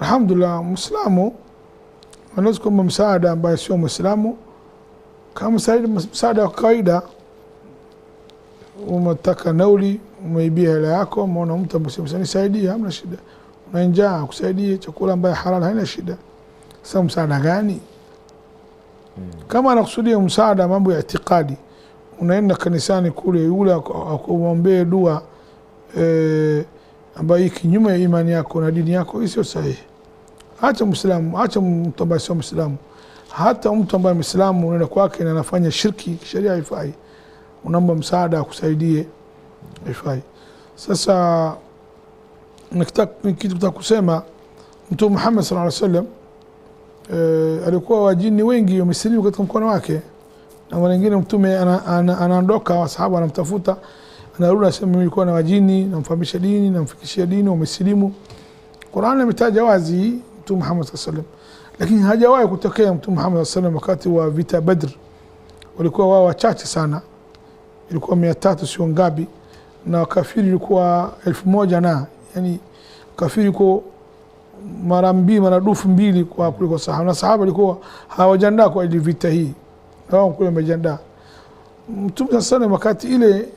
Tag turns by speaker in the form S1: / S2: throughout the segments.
S1: alhamdulillah mwislamu anaweza kuomba msaada ambaye sio mwislamu kama msaada wa kawaida umetaka nauli umeibia hela yako maona mtu ambaye hamna shida una njaa akusaidie chakula ambaye halal haina shida sasa msaada gani hmm. kama anakusudia msaada mambo ya itikadi unaenda kanisani kule yule akuombee dua eh, ambayo hii kinyume ya imani yako na dini yako, hii sio sahihi. Acha Mwislamu, acha mtu ambaye sio Mwislamu. Hata mtu ambaye Mwislamu unaenda kwake na anafanya shirki, sheria haifai, unaomba msaada akusaidie, haifai. Sasa kitu kusema Mtume Muhammad sallallahu alaihi wasallam e, alikuwa wajini wengi wamesilimu katika mkono wake, na mara mtume anaondoka ana, ana, ana wasahaba wanamtafuta anarudi anasema mimi nilikuwa na wajini, namfahamisha dini, namfikishia dini, umesilimu. Qur'an imetaja wazi Mtume Muhammad sallallahu alaihi wasallam, lakini hajawahi kutokea Mtume Muhammad sallallahu alaihi wasallam wakati wa vita Badr, walikuwa wao wachache sana, ilikuwa mia tatu sio ngapi, na kafiri ilikuwa elfu moja na yani kafiri kwa mara mbili mara dufu mbili kwa kuliko sahaba, na sahaba walikuwa hawajandaa kwa ajili vita hii, na wao kule wamejandaa. Mtume sallallahu alaihi wasallam wakati ile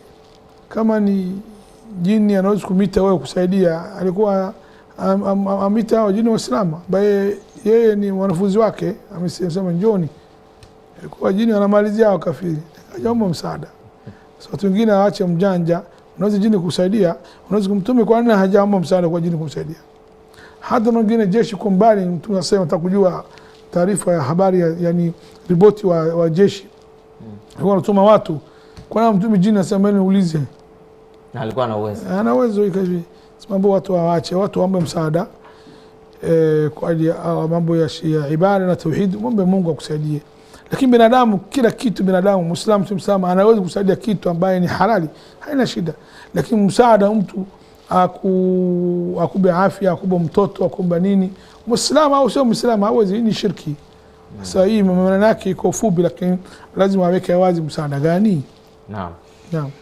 S1: kama ni jini anaweza kumita wewe kusaidia. Alikuwa am, am, amita hao jini Waislamu ambaye yeye ni wanafunzi wake, amesema njoni, alikuwa jini anamalizia hao kafiri, akajaomba msaada. So watu wengine waache mjanja, unaweza jini kusaidia, unaweza kumtume, kwa nini hajaomba msaada kwa jini kumsaidia? Hata mwingine jeshi kwa mbali, mtu anasema atakujua taarifa ya habari ya, yani ripoti wa, wa jeshi alikuwa anatuma watu, kwa nini mtume jini asema niulize
S2: na alikuwa na uwezo,
S1: ana uwezo hivi mambo, watu waache, watu waombe msaada e, kwa ajili ya ah, mambo ya shia ibada na tauhid, muombe Mungu akusaidie. Lakini binadamu, kila kitu binadamu, muislamu si msama, anaweza kusaidia kitu ambaye ni halali, haina shida, lakini msaada mtu aku akube afya akupe mtoto akupe nini, muislamu au sio muislamu, hawezi, ni shirki. Sasa hii maana yake iko fupi, lakini lazima aweke wazi msaada gani.
S2: Naam, naam.